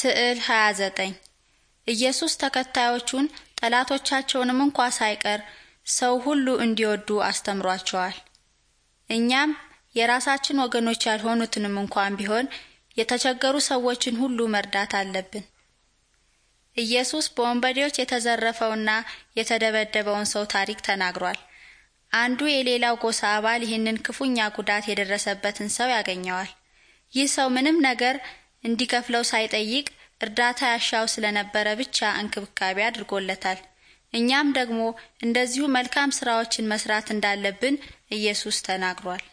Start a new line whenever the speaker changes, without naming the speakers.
ስዕል 29 ኢየሱስ ተከታዮቹን ጠላቶቻቸውንም እንኳ ሳይቀር ሰው ሁሉ እንዲወዱ አስተምሯቸዋል። እኛም የራሳችን ወገኖች ያልሆኑትንም እንኳን ቢሆን የተቸገሩ ሰዎችን ሁሉ መርዳት አለብን። ኢየሱስ በወንበዴዎች የተዘረፈውና የተደበደበውን ሰው ታሪክ ተናግሯል። አንዱ የሌላው ጎሳ አባል ይህንን ክፉኛ ጉዳት የደረሰበትን ሰው ያገኘዋል። ይህ ሰው ምንም ነገር እንዲከፍለው ሳይጠይቅ እርዳታ ያሻው ስለነበረ ብቻ እንክብካቤ አድርጎለታል። እኛም ደግሞ እንደዚሁ መልካም ስራዎችን መስራት እንዳለብን ኢየሱስ ተናግሯል።